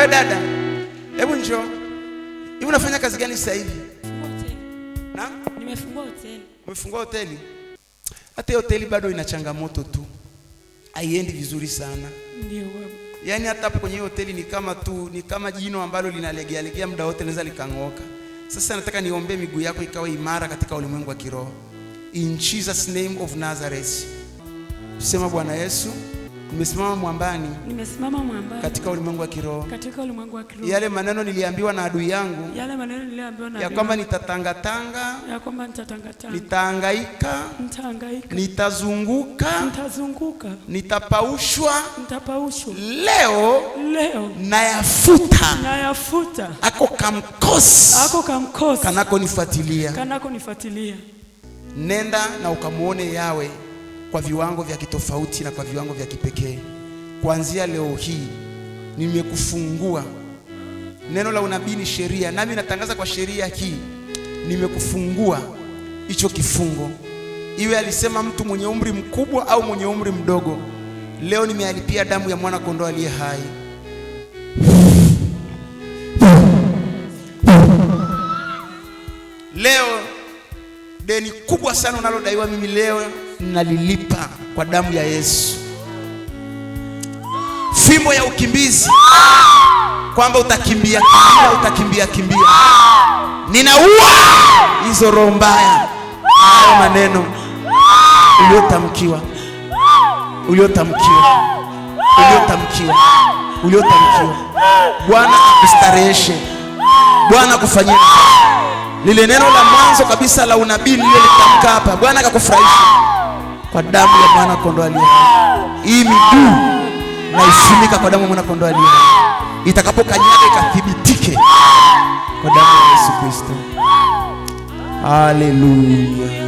We dada, hebu njoo. Hivi unafanya kazi gani sasa hivi? Na? Nimefungua hoteli. Umefungua hoteli? Hata hoteli bado ina changamoto tu, haiendi vizuri sana. Ndio baba. Yaani hata hapo kwenye hoteli ni kama tu ni kama jino ambalo linalegealegea legea muda wote naweza likang'oka. Sasa nataka niombe miguu yako ikawe imara katika ulimwengu wa kiroho. In Jesus name of Nazareth. Sema Bwana Yesu Nimesimama mwambani. Nimesimama mwambani. Katika ulimwengu wa kiroho. Katika ulimwengu wa kiroho. Yale maneno niliambiwa na adui yangu. Yale maneno niliambiwa na ya kwamba nitatanga tanga. Ya kwamba nitatanga tanga. Nitahangaika. Nitahangaika. Nitazunguka. Nitazunguka. Nitapaushwa. Nitapaushwa. Leo. Leo. Nayafuta. Nayafuta. Ako kamkosi. Ako kamkosi. Kanako nifuatilia. Kanako nifuatilia. Nenda na ukamuone Yawe kwa viwango vya kitofauti na kwa viwango vya kipekee. Kuanzia leo hii nimekufungua. Neno la unabii ni sheria, nami natangaza kwa sheria hii, nimekufungua hicho kifungo. Iwe alisema mtu mwenye umri mkubwa au mwenye umri mdogo, leo nimealipia damu ya mwana kondoo aliye hai. Leo deni kubwa sana unalodaiwa, mimi leo nalilipa kwa damu ya Yesu. Fimbo ya ukimbizi kwamba utakimbia kimbia, utakimbia kimbia, ninaua hizo roho mbaya, hayo maneno uliotamkiwa, uliotamkiwa, uliotamkiwa, uliotamkiwa. Bwana akustareheshe, Bwana akufanyie lile neno la mwanzo kabisa la unabii nililolitamka hapa, Bwana akakufurahisha kwa damu ya mwana kondoo aliye hai. Hii miguu na kwa damu ya mwana kondoo aliye hai, itakapokanyaga ikathibitike kwa damu ya Yesu Kristo. Haleluya.